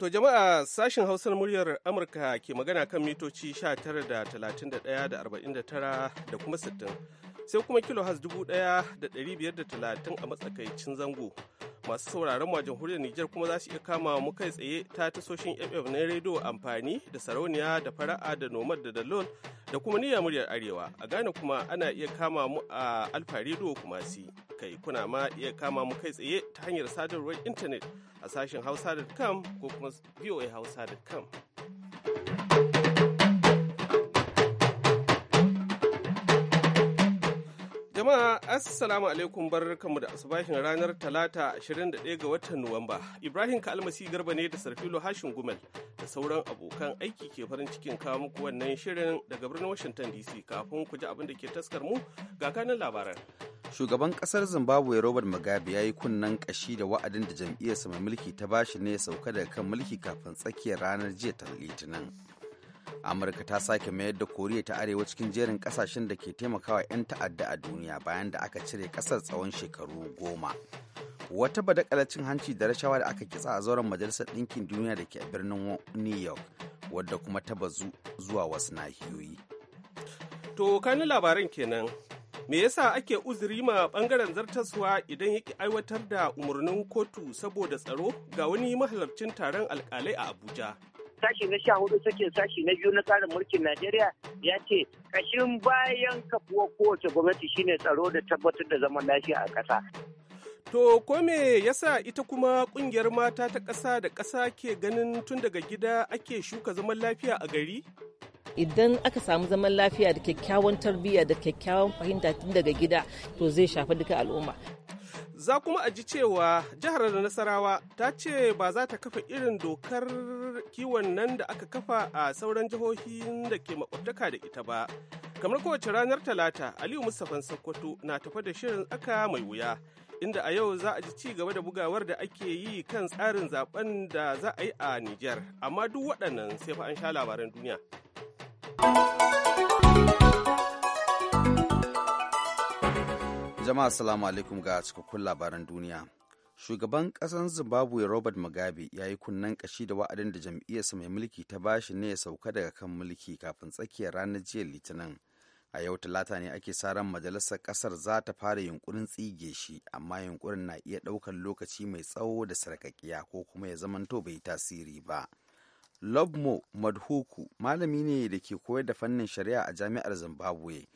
To jama'a sashen hausar muryar Amurka ke magana kan mitoci 19 da 31 da 49 da kuma 60 sai kuma kilohaz 1530 a matsakaicin zango. Masu sauraron mu a jamhuriyar Nijar kuma za su iya kama mu kai tsaye ta tasoshin FF na rediyo amfani da sarauniya da fara'a da nomad da dalol da kuma niyya muryar arewa. A Ghana kuma ana iya kama mu a alfa rediyo kuma si kai kuna ma iya kama mu kai tsaye ta hanyar sadarwar intanet a sashen hausa.com ko kuma Lagos voahausa.com. Jama'a Assalamu alaikum barkanmu da asubahin ranar Talata 21 ga watan Nuwamba. Ibrahim Kalmasi Garba ne da Sarfilo Hashin Gumel da sauran abokan aiki ke farin cikin kawo muku wannan shirin daga birnin Washington DC kafin ku ji abin da ke taskar mu ga kanin labaran. shugaban ƙasar zimbabwe robert mugabe ya yi kunnen kashi da wa'adin da jam'iyyarsa mai mulki ta bashi ne ya sauka daga kan mulki kafin tsakiyar ranar jiya ta litinin amurka ta sake mayar da koriya ta arewa cikin jerin kasashen da ke taimakawa 'yan ta'adda a duniya bayan da aka cire kasar tsawon shekaru goma wata badakalar cin hanci da rashawa da aka kitsa a zauren majalisar ɗinkin duniya da ke a birnin new york wadda kuma ta bazu zuwa wasu nahiyoyi to kani labaran kenan me yasa ake uzuri ma bangaren zartaswa idan yake aiwatar da umarnin kotu saboda tsaro ga wani mahalarcin taron alkalai a abuja sashi na sha hudu sakin sashi na biyu na tsarin mulkin najeriya ya ce kashin bayan kafuwa kowace gwamnati shine tsaro da tabbatar da zaman lafiya a ƙasa To ko me yasa ita kuma ƙungiyar mata ta ƙasa da ƙasa ke ganin tun daga gida ake shuka zaman lafiya a gari? idan aka samu zaman lafiya da kyakkyawan tarbiyya da kyakkyawan fahimta tun daga gida to zai shafi duka al'umma za kuma a ji cewa jihar nasarawa ta ce ba za ta kafa irin dokar kiwon nan da aka kafa a sauran jihohin da ke makwabtaka da ita ba kamar kowace ranar talata aliyu mustapha sokoto na tafa da shirin tsaka mai wuya inda a yau za a ji ci gaba da bugawar da ake yi kan tsarin zaben da za a yi a nijar amma duk waɗannan sai fa an sha labaran duniya Jama'a salamu alaikum ga cikakkun labaran duniya. Shugaban ƙasar Zimbabwe Robert Mugabe ya yi kunnen kashi da wa'adin da jam'iyyarsa mai mulki ta bashi ne ya sauka daga kan mulki kafin tsakiyar ranar jiya Litinin. A yau Talata ne ake sa ran majalisar ƙasar za ta fara yunkurin tsige shi, amma yunkurin na iya ɗaukar lokaci mai tsawo da sarƙaƙiya ko kuma ya zamanto bai tasiri ba. Lobmo Madhuku malami ne da ke koyar da fannin shari'a a jami'ar Zimbabwe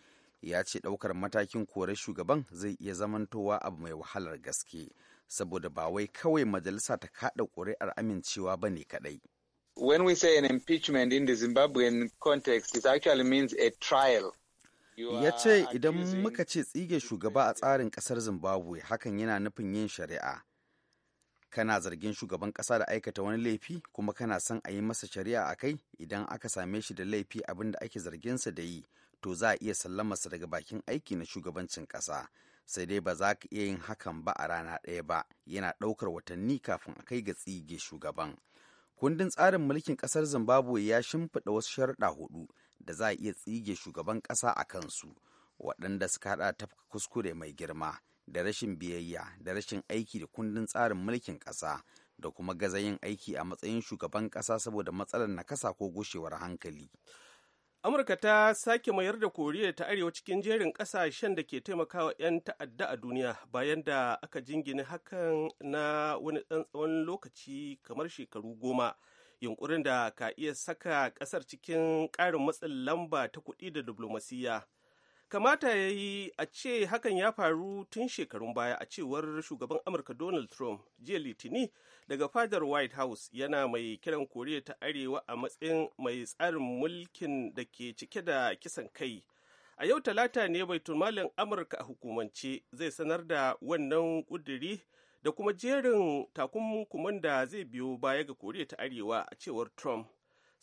ya ce ɗaukar matakin korar shugaban zai iya zamantowa abu mai wahalar gaske saboda ba wai kawai majalisa ta kaɗa ƙuri'ar amincewa ba ne kaɗai. When we say an impeachment in the Zimbabwean context, it actually means a trial. ya ce idan muka ce tsige shugaba a tsarin ƙasar zimbabwe hakan yana nufin yin shari'a kana zargin shugaban ƙasa da aikata wani laifi kuma kana son a yi masa shari'a a kai idan aka same shi da laifi abin da ake zarginsa da yi to za a iya sa daga bakin aiki na shugabancin ƙasa sai dai ba za ka iya yin hakan ba a rana ɗaya ba yana ɗaukar watanni kafin a kai ga tsige shugaban kundin tsarin mulkin ƙasar zimbabwe ya shimfiɗa wasu sharuɗa hudu da za a iya tsige shugaban ƙasa a kansu waɗanda suka haɗa tafka kuskure mai girma da rashin biyayya da rashin aiki da kundin tsarin mulkin ƙasa da kuma gaza yin aiki a matsayin shugaban ƙasa saboda matsalar nakasa ko gushewar hankali. Amurka ta sake mayar da Koriya ta Arewa cikin jerin ƙasashen da ke taimakawa 'yan ta'adda a duniya bayan da aka jingine hakan na wani tsawon lokaci kamar shekaru goma. Yunkurin da ka iya saka ƙasar cikin ƙarin matsin lamba ta kuɗi da diplomasiyya. kamata ya yi a ce hakan ya faru tun shekarun baya a cewar shugaban amurka donald trump jiya litini daga fadar white house yana mai kiran koriya ta arewa a matsayin mai tsarin mulkin da ke cike da kisan kai a yau talata ne tumalin amurka a hukumance zai sanar da wannan kuduri da kuma jerin takunkuman da zai biyo baya ga koriya ta arewa a cewar trump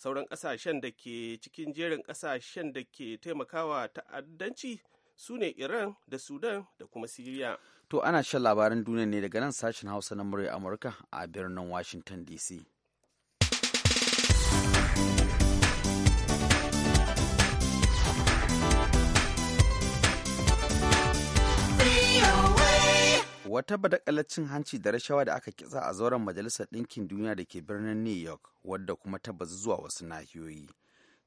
sauran ƙasashen da ke cikin jerin ƙasashen da ke taimakawa ta'addanci su ne iran da sudan da kuma siriya to ana shan labaran duniya ne daga nan sashen hausa na murya amurka a birnin washington dc wata badakalar cin hanci da rashawa da aka kitsa a zauren majalisar ɗinkin duniya da ke birnin new york wadda kuma ta bazu zuwa wasu nahiyoyi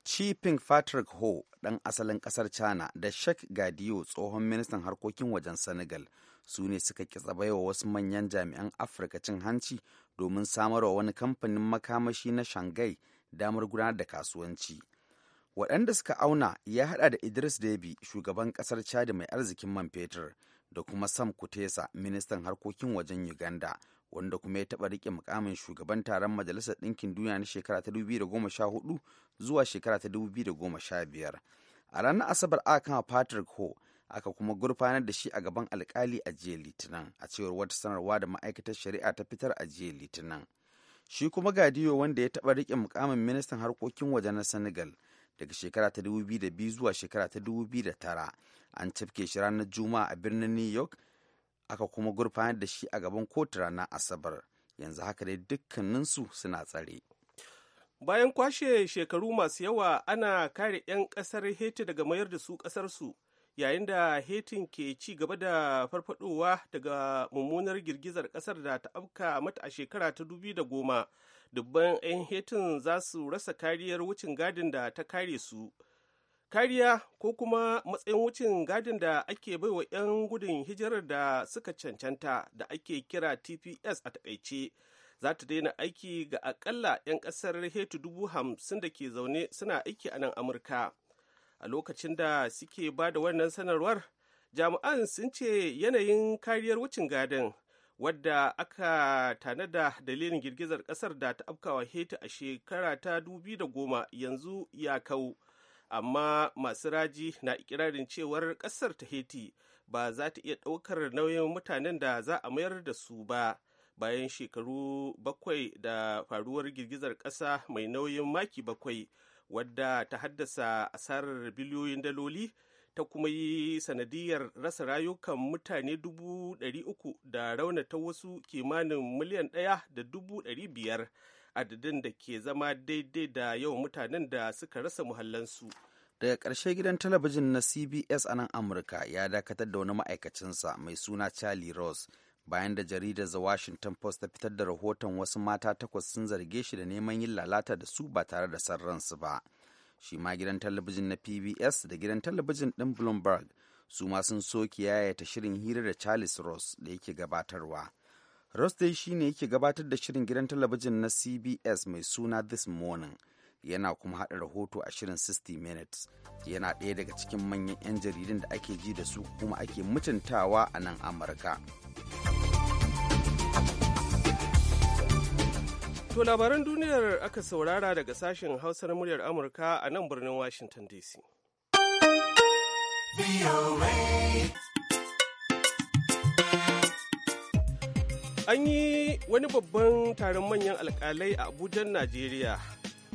chiping patrick ho ɗan asalin ƙasar china da shek gadiyo tsohon ministan harkokin wajen senegal su ne suka kitsa baiwa wasu manyan jami'an afirka cin hanci domin samarwa wani kamfanin makamashi na shanghai damar gudanar da kasuwanci waɗanda suka auna ya haɗa da idris debi shugaban ƙasar chad mai arzikin man fetur da kuma Sam Kutesa ministan harkokin wajen Uganda wanda kuma ya taɓa riƙe mukamin shugaban taron majalisar ɗinkin duniya na shekara ta 2014 zuwa shekara ta 2015. A ranar Asabar aka kama Patrick Ho aka kuma gurfanar da shi a gaban alkali a jiya Litinin a cewar wata sanarwa da ma'aikatar shari'a ta fitar a jiya Litinin. Shi kuma Gadiyo wanda ya taɓa riƙe mukamin ministan harkokin waje na Senegal daga shekara ta 2002 zuwa shekara ta 2009 an cafke shi ranar juma'a a birnin new york aka kuma gurfanar da shi a gaban kotu ranar asabar yanzu haka dai dukkaninsu suna tsare bayan kwashe shekaru masu yawa ana kare 'yan kasar haiti daga mayar da su kasarsu yayin da haitin ke ci gaba da farfadowa daga mummunar girgizar kasar da ta afka mata a shekara ta dubi goma dubban 'yan hetin za su rasa kariyar wucin gadin da ta kare su kariya ko kuma matsayin wucin gadin da ake baiwa 'yan gudun hijirar da suka cancanta da ake kira tps a takaice za ta daina aiki ga akalla 'yan kasar hetu dubu hamsin da ke zaune suna aiki a nan amurka a lokacin da suke ba da wannan sanarwar jami'an sun ce yanayin kariyar wucin gadin wadda aka tanada dalilin girgizar kasar da ta afkawa heti a shekara ta dubi da goma yanzu ya kau amma masu raji na ikirarin cewar kasar ta heti ba za ta iya ɗaukar nauyin mutanen da za a mayar da su ba bayan shekaru bakwai da faruwar girgizar ƙasa mai nauyin maki bakwai wadda ta haddasa asarar biliyoyin daloli ta kuma yi sanadiyar rasa rayukan mutane dubu ɗari uku da raunata wasu kimanin miliyan ɗaya da dubu ɗari biyar adadin da ke zama daidai da yawan mutanen da suka rasa muhallansu. daga ƙarshe gidan talabijin na cbs a nan amurka ya dakatar da wani ma'aikacinsa mai suna charlie ross bayan da jaridar the washington post ta fitar da rahoton wasu mata takwas sun zarge shi da neman yin lalata da su ba tare da san ransu ba shi ma gidan talabijin na pbs da gidan talabijin ɗin bloomberg su ma sun soki yayata shirin hira da charles ross da yake gabatarwa ross dai shi ne yake gabatar da shirin gidan talabijin na cbs mai suna this morning yana kuma haɗa rahoto a shirin 60 minutes yana ɗaya daga cikin manyan 'yan jaridun da ake ji da su kuma ake mutuntawa a nan amurka To labaran duniyar aka saurara daga sashen hausar muryar Amurka a nan birnin Washington DC. An yi wani babban taron manyan alkalai a Abuja, Najeriya.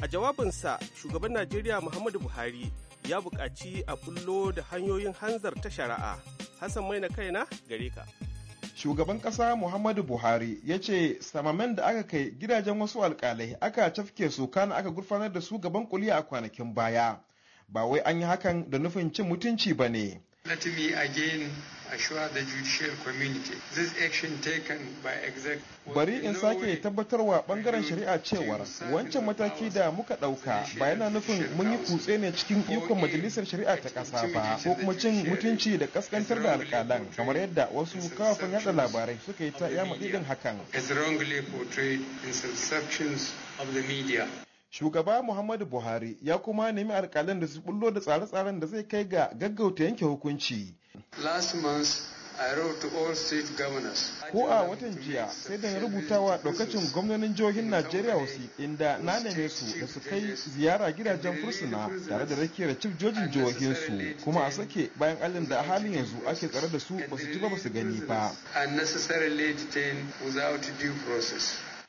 A jawabinsa, shugaban Najeriya Muhammadu Buhari ya buƙaci a bullo da hanyoyin hanzar ta shari'a. Hassan mai na kaina gare ka. shugaban kasa muhammadu buhari ya ce samamen da aka kai gidajen wasu alkalai aka cafke su kana aka gurfanar da su gaban kuliya a kwanakin baya ba wai an yi hakan da nufin cin mutunci ba ne bari in sake tabbatarwa bangaren shari'a cewar wancan mataki da muka dauka ba yana nufin mun yi kutse ne cikin ikon majalisar shari'a ta kasa ba ko kuma cin mutunci da kaskantar da alkalan kamar yadda wasu kafafen yada labarai suka yi ta yama didin hakan shugaba muhammadu buhari ya kuma nemi alƙalan da su bullo da tsare-tsaren da zai kai ga gaggauta yanke hukunci gwamnatin. Ko a watan jiya sai da na rubuta wa ɗaukacin gwamnonin jihohin Najeriya wasu inda na neme su da su kai ziyara gidajen fursuna tare da rakiyar cif jojin su kuma a sake bayan alin da halin yanzu ake tsare da su ba su ji ba ba su gani ba.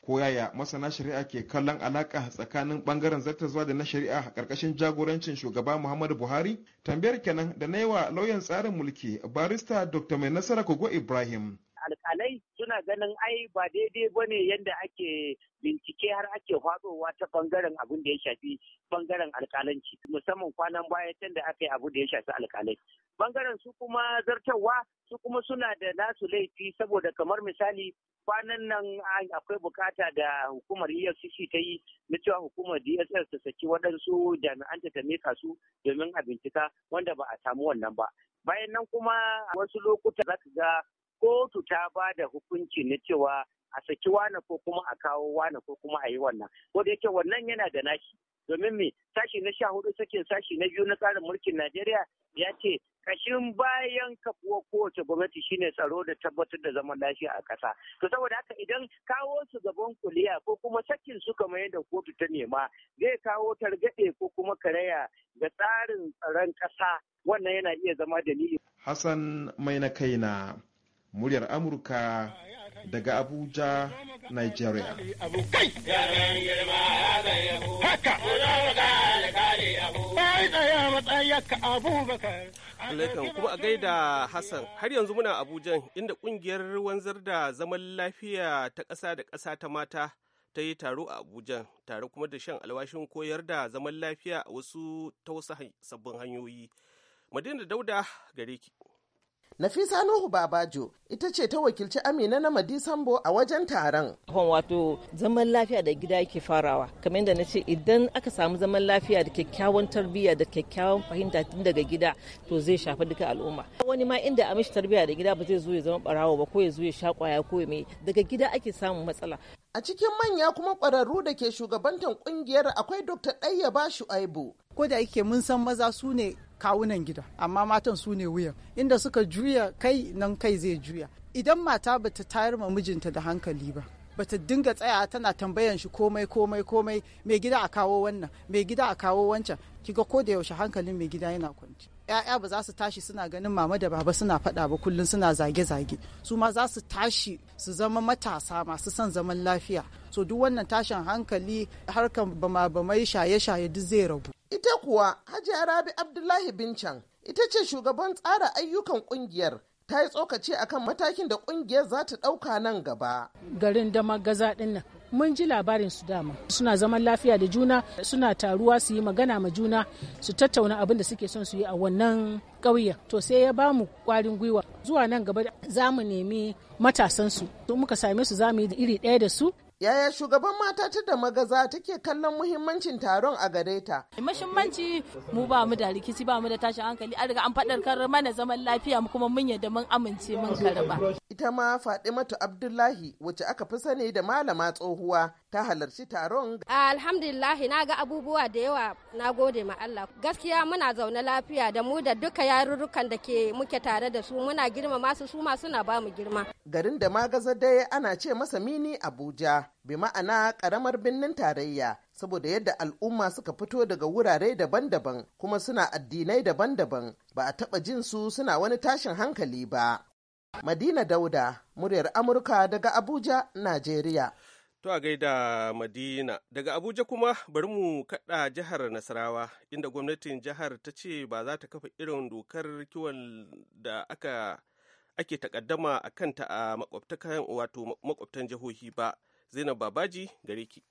ko yaya masana shari'a ke kallon alaka tsakanin bangaren zartaswa da na shari'a a karkashin jagorancin shugaba muhammadu buhari tambayar kenan da na yi wa lauyan tsarin mulki barista dr mai nasara kogo ibrahim alkalai suna ganin ai ba daidai ba ne yadda ake bincike har ake hwadowa ta bangaren abin da ya shafi bangaren alkalanci musamman kwanan baya tanda da aka yi abu da ya shafi alkalai bangaren su kuma zartarwa su kuma suna da nasu laifi saboda kamar misali kwanan nan akwai bukata da hukumar efcc ta yi na cewa hukumar dss ta saki waɗansu jami'an ta ta meka su domin a bincika wanda ba a samu wannan ba bayan nan kuma wasu lokuta za ka ga kotu ta ba da hukunci na cewa a saki wane ko kuma a kawo wane ko kuma a yi wannan ko da yake wannan yana da nashi domin me sashi na sha hudu sakin sashi na biyu na tsarin mulkin najeriya ya ce kashin bayan kafuwa kowace gwamnati shine tsaro da tabbatar da zaman lafiya a ƙasa to saboda haka idan kawo su gaban kuliya ko kuma sakin su kamar yadda kotu ta nema zai kawo targaɗe ko kuma karaya ga tsarin tsaron ƙasa wannan yana iya zama dalili hassan mai na kaina muryar amurka daga abuja nigeria alaikan kuma a gaida hassan har yanzu muna abujan inda kungiyar wanzar da zaman lafiya ta ƙasa da ƙasa ta mata ta yi taro a abuja tare kuma da shan alwashin koyar da zaman lafiya a wasu ta wasu sabbin hanyoyi madina dauda gare ki Nafisa Nuhu Babajo ita ce ta wakilci Amina na Madisambo a wajen taron. Wato zaman lafiya da gida yake farawa. Kamar yadda na ce idan aka samu zaman lafiya da kyakkyawan tarbiyya da kyakkyawan fahimta tun daga gida to zai shafi duka al'umma. Wani ma inda a mishi tarbiyya da gida ba zai zo ya zama barawo ba ko ya zo ya sha kwaya ko ya mai daga gida ake samun matsala. A cikin manya kuma ƙwararru da ke shugabantar ƙungiyar akwai Dr. Ɗayyaba Shu'aibu. Ko da yake mun san maza su ne kawunan gida amma matan su ne wuyan inda suka juya kai nan kai zai juya idan mata bata tayar ma mijinta da hankali ba bata dinga tsaya tana tambayan shi komai komai komai mai gida a kawo wannan mai gida a kawo wancan kiga ko da yaushe hankalin mai gida yana kwanci ya'ya ba za su tashi suna ganin mama da baba suna faɗa ba kullum suna zage-zage su ma za su tashi su zama matasa masu son zaman lafiya so duk wannan tashin hankali harkan bama-bamai shaye-shaye duk zai ragu Ita kuwa Hajiya Rabi Abdullahi Bincan ita ce shugaban tsara ayyukan kungiyar ta yi tsokace akan matakin da kungiyar za ta ɗauka nan gaba. Garin da magaza ɗin nan mun ji labarin su dama suna zaman lafiya da juna suna taruwa su yi magana ma juna su tattauna abin da suke son su yi a wannan ƙauyen to sai ya ba mu ƙwarin gwiwa zuwa nan gaba za mu nemi matasan su muka same su za mu yi iri ɗaya da su Yaya shugaban mata ta da magaza take kallon muhimmancin taron a gare ta? Muhimmanci mu ba mu da rikici ba mu da tashin hankali an riga an faɗarkar mana zaman lafiya mu kuma mun yadda mun amince mun karba. Ita ma Fadimatu Abdullahi wacce aka fi sani da malama tsohuwa ta halarci taron. Alhamdulillahi na ga abubuwa da yawa na gode ma Allah. Gaskiya muna zaune lafiya da mu da duka yarurrukan da ke muke tare da su muna girma masu su ma suna ba mu girma. Garin da magaza dai ana ce masa mini Abuja bi ma'ana karamar birnin tarayya saboda yadda al'umma suka fito daga wurare daban-daban kuma suna addinai daban-daban ba a taɓa jin su suna wani tashin hankali ba. Madina Dauda, muryar Amurka daga Abuja, Najeriya. To a gaida Madina. Daga Abuja kuma bari mu kaɗa jihar Nasarawa inda gwamnatin jihar ta ce ba za ta kafa irin dokar kiwon da aka ake takaddama a kanta a makwabtakan wato makwabtan jihohi ba. Zainab Babaji gare ki.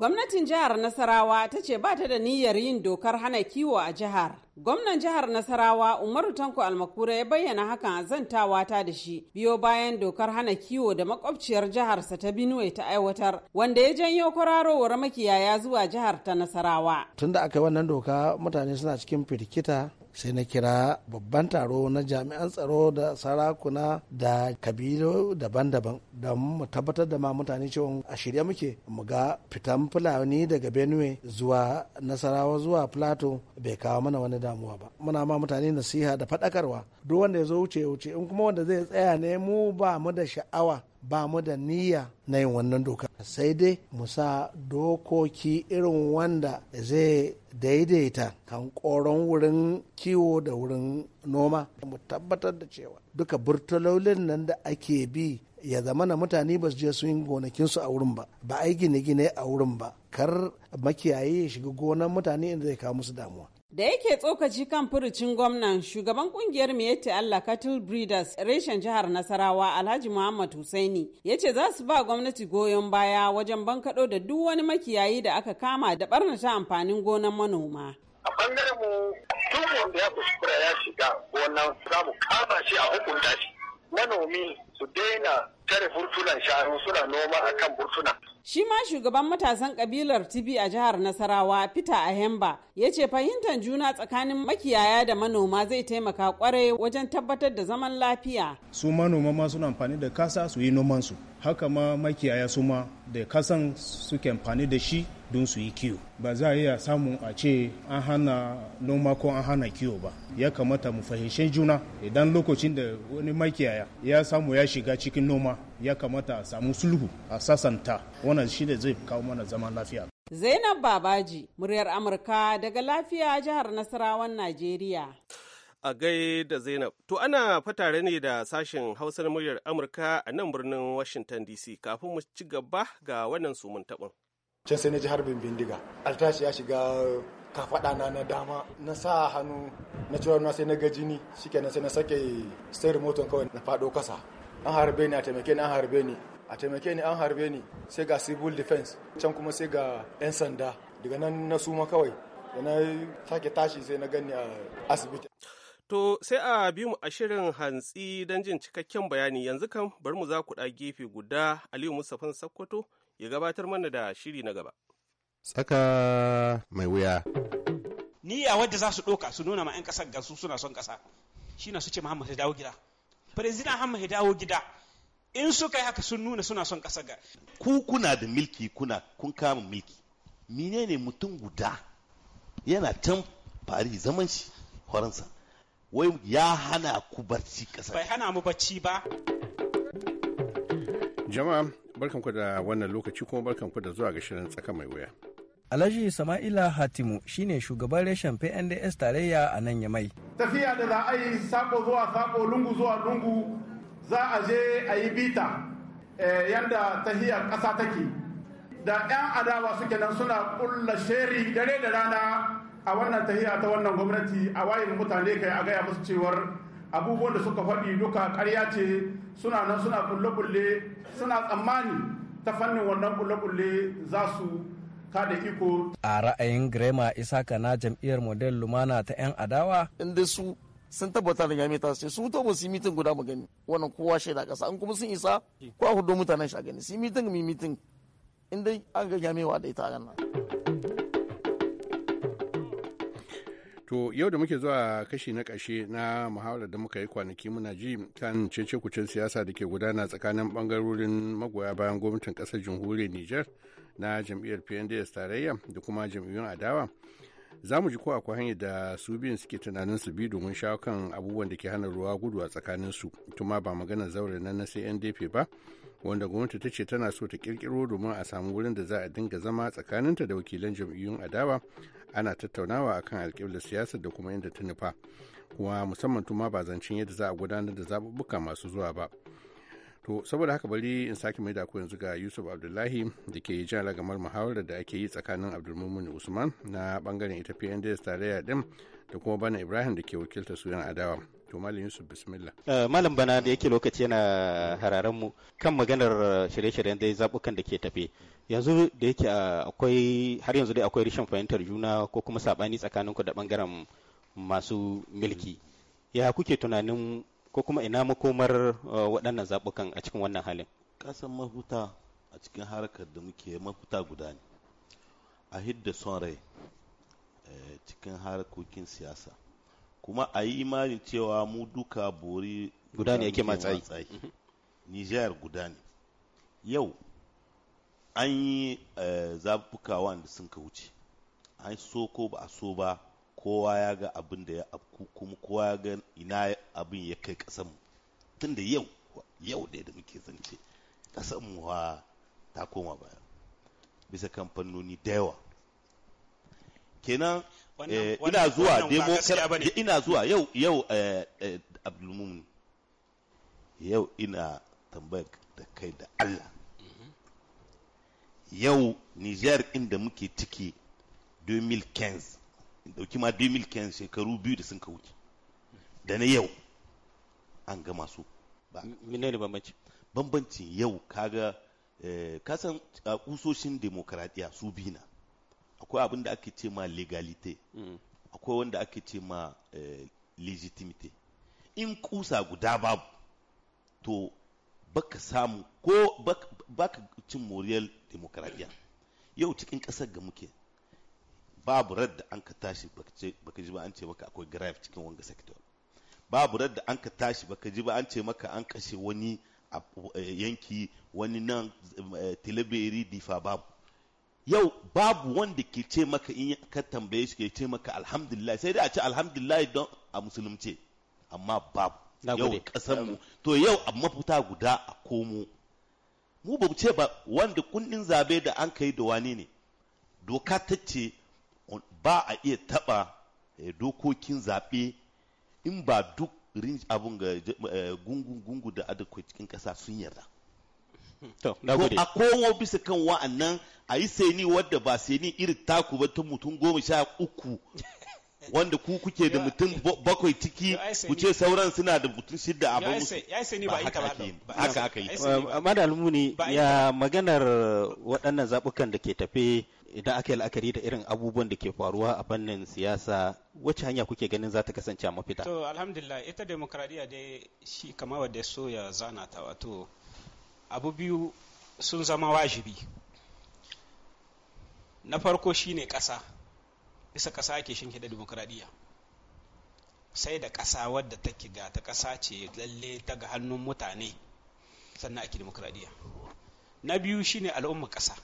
Gwamnatin jihar Nasarawa ta ce ba ta da niyyar yin dokar hana kiwo a jihar. Gwamnan jihar Nasarawa Umaru Tanko Almakura ya bayyana hakan a zantawa ta da shi biyo bayan dokar hana kiwo da makwabciyar jiharsa ta Binuwe ta aiwatar wanda ya janyo kwararowar makiyaya zuwa jihar ta Nasarawa. Tunda aka yi wannan doka mutane suna cikin firkita sai na kira babban taro na jami'an tsaro da sarakuna da kabilu daban-daban da mu tabbatar da ma mutane cewa a shirya muke mu ga fitan fulani daga benue zuwa nasarawa zuwa plato bai kawo mana wani damuwa ba muna ma mutane nasiha da faɗakarwa duk wanda ya zo wuce wuce in kuma wanda zai tsaya ne mu ba mu da sha'awa ba mu da niyya na yin wannan doka sai dai mu sa dokoki irin wanda zai daidaita kan koron wurin kiwo da wurin noma mu tabbatar da cewa duka burtalolin nan da ake bi ya zama na mutane ba su je su yi gonakinsu a wurin ba ba a yi gine-gine a wurin ba kar makiyayi ya shiga gonan mutane inda zai kawo musu damuwa Da yake tsokaci kan furucin gwamnan shugaban kungiyar Miyetti Allah Cattle Breeders reshen jihar Nasarawa Alhaji Muhammad Husaini ya ce za su ba gwamnati goyon baya wajen bankaɗo da duk wani makiyayi da aka kama da barnata amfanin gonan manoma. A bangaren mu duk wanda ya kuskura ya shiga gonan za mu kama shi a hukunta shi. Manomi su daina tare burtunan shanu suna noma akan burtuna Shi ma shugaban matasan kabilar Tibi a jihar Nasarawa Peter Ahemba ya ce fahimtar juna tsakanin makiyaya da manoma zai taimaka kwarai wajen tabbatar da zaman lafiya. Su manoma ma suna amfani da kasa su yi nomansu, haka ma makiyaya su ma da kasan suke amfani da shi don su yi kiwo ba za a iya samun a ce an hana noma ko an hana kiwo ba ya kamata mu fahimci juna idan lokacin da wani makiyaya ya samu ya shiga cikin noma ya kamata a samu sulhu a sasanta wannan shi ne zai kawo mana zaman lafiya zainab babaji muryar amurka daga lafiya jihar nasarawan najeriya a gai da zainab to ana fatare ne da sashen hausar muryar amurka a nan birnin washington dc kafin mu ci gaba ga wannan sumun taɓin. can sai na ji harbin bindiga altashi ya shiga kafaɗa na na dama na sa hannu na ciro na sai na ga jini shikenan sai na sake sai remoton kawai na faɗo kasa an harbe ni a taimake ni an harbe ni a taimake ni an harbe ni sai ga civil defense can kuma sai ga 'yan sanda daga nan na suma kawai da na sake tashi sai na gani a asibiti To sai a bi mu a shirin hantsi don jin cikakken bayani yanzu kan bari mu za ku ɗa gefe guda Aliyu musafin Sakkwato ya gabatar mana da shiri na gaba. Tsaka mai wuya. Ni a wadda za su ɗoka su nuna ma 'yan ƙasar gansu suna son ƙasa. Shi na su ce Muhammad ya dawo gida. Firinzidan Muhammad ya dawo gida. In suka yi haka sun nuna suna son ƙasar ga. Ku kuna da milki kuna kun kama milki. Mine ne mutum guda yana can fari zaman shi Faransa. Wai ya hana ku barci ƙasar. Bai hana mu barci ba. Jama'a barkanku da wannan lokaci kuma barkanku da zuwa ga shirin tsaka mai wuya. Alhaji Sama'ila Hatimu shine shugaban reshen PNDS tarayya a nan ya mai. Tafiya da za a yi sako zuwa sako lungu zuwa lungu za a je a yi bita eh, yadda tahiyar ƙasa take. Da 'yan adawa suke nan suna ƙulla sheri dare da rana a wannan tahiya ta wannan gwamnati a wayin mutane kai a gaya musu cewar abubuwan da suka faɗi duka ƙarya ce suna nan suna kulle-kulle suna tsammani ta fannin wannan kulle-kulle za su kada iko. A ra'ayin Grema Isaka na jam'iyyar Model Lumana ta 'yan adawa. Inda su sun tabbata da game ta su to ba su yi mitin guda mu gani wannan kowa shaida kasa an kuma sun isa ko a hudu mutanen shi a gani su yi mitin mi mitin inda an ga gamewa da ita a nan. To yau da muke zuwa kashi na ƙashe na muhawarar da muka yi kwanaki muna ji kan cece kucin siyasa da ke gudana tsakanin bangarorin magoya bayan gwamnatin ƙasar jamhuriyar Nijar na jam'iyyar PNDS tarayya da kuma jam'iyyun adawa. Za mu ji ko akwai hanyar da su biyun suke tunanin su bi domin shawo kan abubuwan da ke hana ruwa gudu a tsakanin su, tuma ba magana zaure na na sai NDP ba, wanda gwamnati ta ce tana so ta kirkiro domin a samu wurin da za a dinga zama tsakaninta da wakilan jam'iyyun adawa ana tattaunawa akan alƙiblar siyasa da kuma inda ta nufa kuma musamman tuma ba zancen yadda za a gudanar da zaɓuɓɓuka masu zuwa ba to saboda haka bari in sake mai da yanzu ga yusuf abdullahi da ke jan ragamar muhawarar da ake yi tsakanin abdulmumin usman na bangaren ita pnds tarayya din da kuma bana ibrahim da ke wakiltar suyan adawa to malam yusuf bismillah eh, malam bana da yake lokaci yana hararen mu kan maganar shirye-shiryen dai zabukan da ke tafe yanzu da yake eh, akwai har yanzu dai akwai rashin fahimtar juna ko kuma sabani tsakanin ku da bangaren masu milki ya kuke tunanin ko kuma ina makomar eh, waɗannan zabukan a cikin wannan halin kasan mafuta a cikin harkar da muke mafuta guda ne a hidda son rai cikin harkokin siyasa kuma a yi imanin cewa mu duka bori guda ne yake matsayi nijar guda ne yau an yi eh, zafuka wanda sun ka wuce an so ko ba a so ba kowa ya ga abin da ya afku kuma kowa ya ga ina abin ya kai ƙasanmu tun da yau yau da da muke zance mu wa ta koma baya bisa kamfanoni da yawa kenan Eh, ina zuwa demokar ina zuwa yau yau eh, eh, abdulmumin yau ina tambayar da kai da Allah mm-hmm. yau Niger inda muke ciki 2015 dauki ma 2015 shekaru biyu da sun ka wuce da na yau an gama su ba menene bambanci bambancin yau kaga kasan kusoshin demokradiya su bina akwai abin da ake ce ma legalite hmm. akwai wanda ake ce ma eh, legitimite in kusa guda babu to baka samu ko baka cin moriyar demokradiyya yau cikin kasar ga muke babu radda an ka tashi baka ji ba an ce maka akwai grave cikin wanga sector babu radda an ka tashi baka ji ba an ce maka an kashe wani eh, yanki wani nan eh, teleberi difa babu yau babu wanda ke ce maka in ka tambaye shi ke ce maka alhamdulillah sai dai a ce alhamdulillah don a musulunce amma babu yau kasanmu to yau a mafuta guda a komo mu ba ce ba wanda kundin zabe da an kai da wani ne doka ta ce ba a iya taba eh, dokokin zaɓe in ba duk abun ga gungun eh, gungu da adakwai cikin ƙasa sun yarda To, A kowa bisa kan wa'annan a yi seni wadda ba seni irin taku ba ta mutum goma sha uku wanda ku kuke da mutum bakwai ciki ku ce sauran suna da mutum shidda a ba ba haka aka yi madalmu ne ya maganar waɗannan zaɓukan da ke tafe idan aka yi la'akari da irin abubuwan da ke faruwa a fannin siyasa wacce hanya kuke ganin za ta kasance a mafita to alhamdulillah ita demokradiya dai shi kama wadda so ya zana ta wato abu biyu sun zama wajibi na farko shine kasa bisa ƙasa ake shinkiɗa demokradiyya sai da kasa wadda ta kiga ta kasa ce lalle ta ga hannun mutane sannan ake demokradiyya na biyu shine al'umma kasa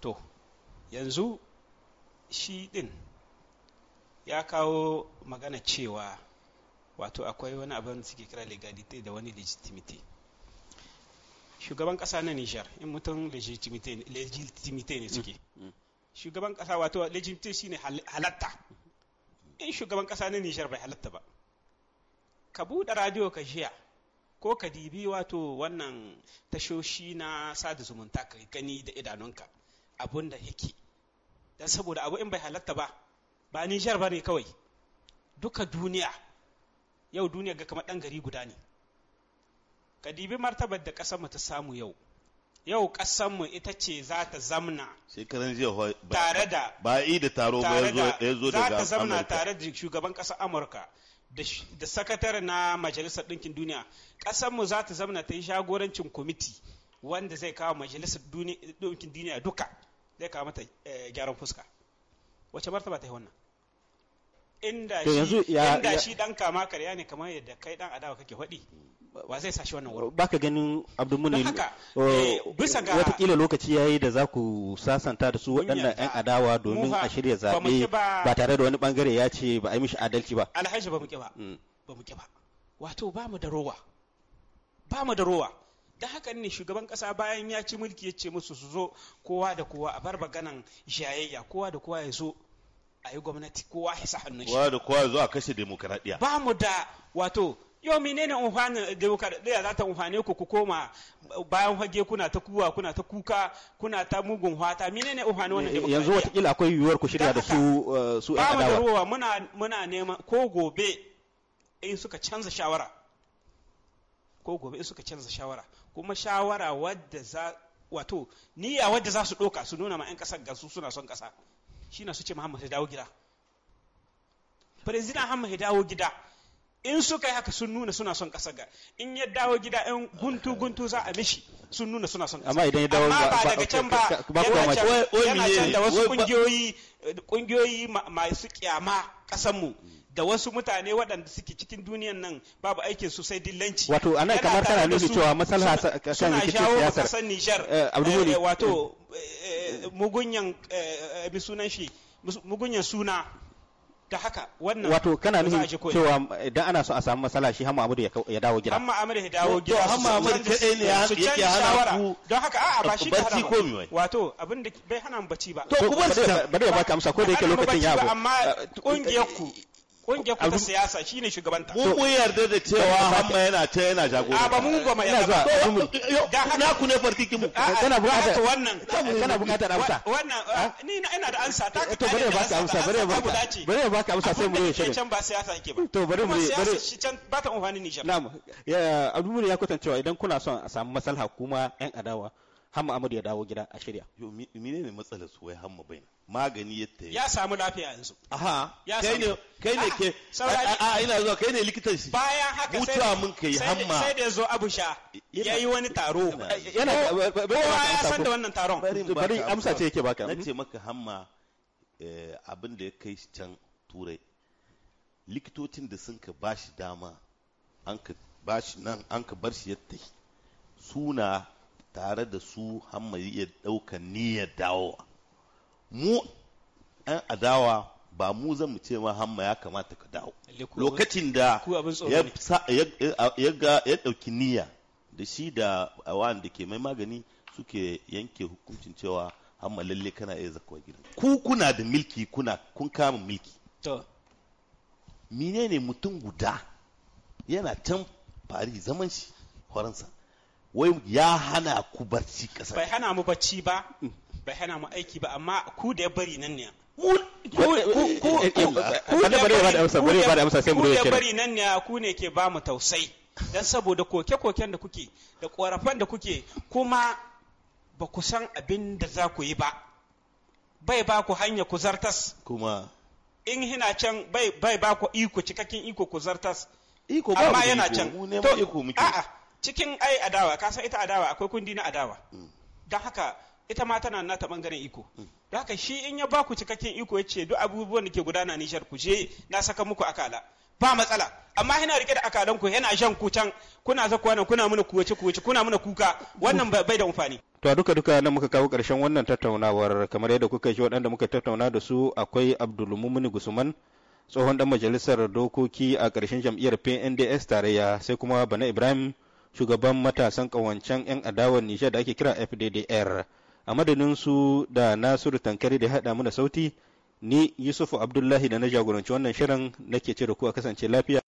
to yanzu shi ɗin ya kawo magana cewa wato akwai wani abin da suke kira legalite da wani legitimity shugaban kasa na Nijar in mutum legitimite ne suke mm, mm. shugaban kasa wato legitimite ne halatta in shugaban kasa na Nijar bai halatta ba ka buɗe radio ka jiya ko ka dibi wato wannan tashoshi na sada zumunta ka gani da idanunka abun da yake don saboda abu in bai halatta ba ba Nijar ba ne kawai duka duniya yau duniya ga kamar ɗan gari guda ne ka dibi martabar da ƙasar mu ta samu yau yau ƙasanmu ita ce za ta zamna tare da ba yi da taro ba ya zo daga za ta zamna tare da shugaban ƙasar amurka da sakatare na majalisar ɗinkin duniya ƙasanmu za ta zamna ta yi shagorancin kwamiti wanda zai kawo majalisar ɗinkin duniya duka zai kawo mata eh, gyaran fuska wace martaba ta yi wannan inda shi dan kama karya ne kamar yadda kai dan adawa kake faɗi wa zai sashi wannan wurin baka ganin abdulmuni eh, bisa ga watakila lokaci yayi da za ku sasanta da su waɗannan yan adawa domin a shirya zaɓe ba tare da wani bangare ya ce ba a yi mishi adalci ba alhaji ba muke ba mm. ba muke ba wato ba mu da rowa ba mu da rowa da haka ne shugaban kasa bayan ya ci mulki ya ce musu su zo kowa da kowa a bar baganan jayayya kowa da kowa ya zo a yi gwamnati kowa ya sa hannun shi kowa da kowa ya zo a kashe demokaradiyya ba mu da wato yau menene amfanin daya za ta amfane ku ku koma bayan fage kuna ta kuwa kuna ta kuka kuna ta mugun hwata menene amfanin wannan eh, demokaradiyya yanzu watakila akwai yiwuwar ku shirya da su eh, su ɗan adawa ba ruwa muna muna neman ko gobe in suka canza shawara ko gobe in suka canza shawara kuma shawara wadda za wato niyya wadda za su ɗoka su nuna ma 'yan ƙasar gasu suna son ƙasa shi na su ce muhammadu ya dawo gida firizidan muhammadu ya dawo gida in suka yi haka sun nuna suna son kasa ga in ya dawo gida ɗan guntu guntu za a mishi sun nuna suna son kasa amma idan ya dawo amma ba daga can ba yana can da wasu kungiyoyi kungiyoyi masu kyama kasar mu da wasu mutane waɗanda suke cikin duniyan nan babu aikin su sai dillanci wato anan kamar kana nufi cewa matsala kan rikicin siyasar suna Nijar eh, eh, eh, wato mugunyan bi sunan shi mugunyan suna ta haka wannan wato kana nufin cewa idan ana so a samu matsala shi hamma amadu ya dawo gida hamma amadu ya dawo gida to hamma amadu ta ɗaya ne yake hana ku don haka a'a ba shi ka hana ko wato abin da bai hana mu bacci ba to ku bar da ba ka amsa ko da yake lokacin ya abu amma kungiyar eh, eh, ku kungiyar kuma siyasa shine ta. mu mun yarda da cewa hamma yana ta yana jagora ba mu ba mai yana ba na ku ne fartiki mu kana bukata wannan kana bukata uh, na wuta wannan ni ina da ansa ta eh, to bare ba ka amsa bare ba bare ba ka amsa sai mu yi shi can ba siyasa yake ba to bare mu bare shi can ba ta amfani ni shi na'am ya abubuwa ya kwatancewa idan kuna son a samu maslaha kuma yan adawa hamma amadu ya dawo gida a shirya yo mine ne matsalar su wai hamma bai magani ya tayi ya samu lafiya yanzu aha kai ne kai ne ah, ke a ah, ah, ina zuwa kai ne likitan shi bayan haka sai mutuwa mun kai hamma sai da zo abusha yi wani taro yana kowa ya san da wannan taron bari amsa ce yake baka ce maka hamma eh, abin da ya kai shi can turai likitocin da sun ka bashi dama an ka bashi nan an ka bar shi ya tahi suna tare da su Hamma yi iya ɗaukan niyyar dawowa mu an adawa ba mu zan mu ce ma hamma ya kamata ka dawo lokacin da ya ɗauki niyya da shi da da ke mai magani suke yanke hukuncin cewa hamma lalle kana iya zakawa gidan ku kuna da milki kuna kun kama milki to menene mutum guda yana can fari zaman shi faransa wai ya hana ku barci kasa bai hana mu barci ba bai hana mu aiki ba amma ku da ya bari nan ne ku da bari nan ne ku ne ke ba mu tausai dan saboda koke-koken da kuke da korafan da kuke kuma ba ku san abin da za ku yi ba bai ba ku hanya ku zartas kuma in hina can bai ba ku iko cikakken iko ku zartas iko ba amma yana can to iko muke cikin ai adawa ka san ita adawa akwai kundi na adawa mm. don haka ita ma tana nata bangaren iko mm. don haka shi in ya baku cikakken iko ya ce duk abubuwan da ke gudana Nijar ku je na saka muku akala ba matsala amma yana rike da akalan ku yana shan ku can kuna zaku wannan kuna muna kuwace kuwace kuna muna kuka wannan bai da amfani to duka duka nan muka kawo karshen wannan tattaunawar kamar yadda kuka ji waɗanda muka tattauna da su akwai Abdulmumin Gusman tsohon dan majalisar dokoki a ƙarshen jam'iyyar PNDS tarayya sai kuma Bana Ibrahim shugaban matasan kawancen 'yan adawar nishar da ake kira FDDR. A madadin su da Nasiru Tankari da haɗa mu da sauti, ni yusuf Abdullahi da na jagoranci wannan shirin nake ce da ku a kasance lafiya.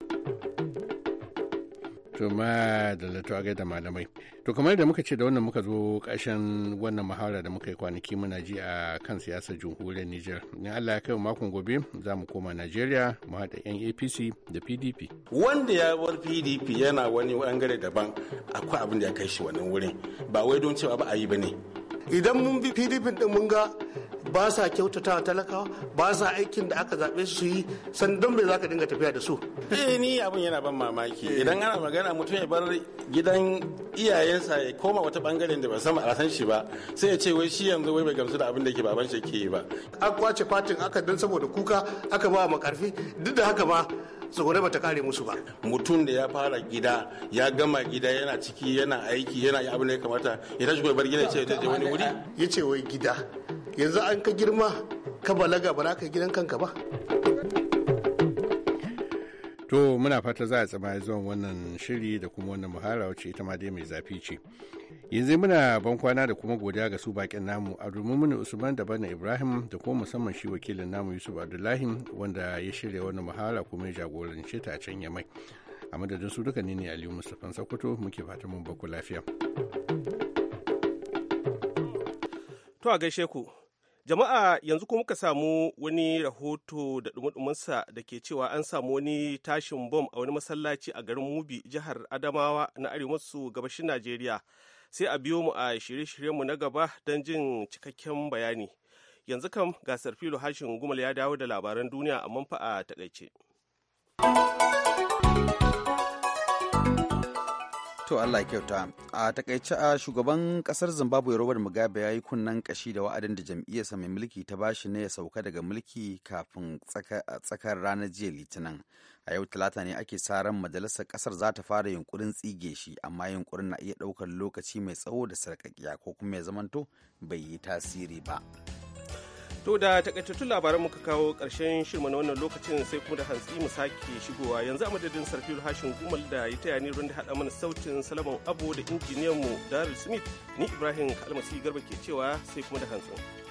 To ma da lato a da malamai. To kamar da muka ce da wannan muka zo karshen wannan muhawara da muka yi kwanaki muna ji a kan siyasar jamhuriyar Nijar. In Allah ya kai makon gobe za mu koma Najeriya mu haɗa 'yan APC da PDP. Wanda ya bar PDP yana wani bangare daban akwai abin da ya kai shi wannan wurin ba wai don cewa ba a yi ba ne. idan mun bi pdp din mun ga ba sa kyautata wa talakawa ba sa aikin da aka zaɓe su yi sandan bai za ka dinga tafiya da su eh ni abin yana ban mamaki eh. idan ana magana mutum ya bar gidan iyayensa ya koma wata bangaren da ba san a san shi ba sai ya ce wai shi yanzu wai bai gamsu da abin da ke baban shi ke yi ba an kwace fatin aka dan saboda kuka aka ba makarfi duk da haka ba. ba bata kare musu ba mutum da ya fara gida ya gama gida yana ciki yana aiki yana yi abin da ya kamata ya tashi bar gida ya ce ya wani wuri ya ce wai gida yanzu an ka girma ka balaga ba na ka gidan kanka ba to muna fata za a tsamaye zuwan wannan shiri da kuma wannan muhara wacce ita ma dai mai zafi ce yanzu muna ban kwana da kuma godiya ga su bakin namu a mini usman da bana ibrahim da kuma musamman shi wakilin namu yusuf abdullahi wanda ya shirya wani mahala kuma ya jagorance ta a can yamai a madadin su duka ne aliyu mustapha sokoto muke fata mun baku lafiya to a gaishe ku jama'a yanzu kuma muka samu wani rahoto da dumudumansa da ke cewa an samu wani tashin bom a wani masallaci a garin mubi jihar adamawa na arewa maso gabashin najeriya sai a biyo mu a shirye-shiryenmu na gaba don jin cikakken bayani yanzu kam gasar filo hashin gumal ya dawo da labaran duniya a manfa a takaice To Allah kyauta a takaice a shugaban kasar Zimbabwe Robert Mugabe ya yi kunnen kashi da wa'adin da jam'iyyarsa mai mulki ta bashi ne ya sauka daga mulki kafin tsakar ranar jiya Litinin. a yau talata ne ake sa ran majalisar kasar za ta fara yunkurin tsige shi amma yunkurin na iya ɗaukar lokaci mai tsawo da sarƙaƙiya ko kuma mai zamanto bai yi tasiri ba to da takaitattun labaran muka kawo ƙarshen shirma na wannan lokacin sai kuma da hantsi mu sake shigowa yanzu a madadin sarfiyar hashin gumal da ya taya ni da haɗa mana sautin salaman abu da injiniyan mu darul smith ni ibrahim kalmasi garba ke cewa sai kuma da hantsi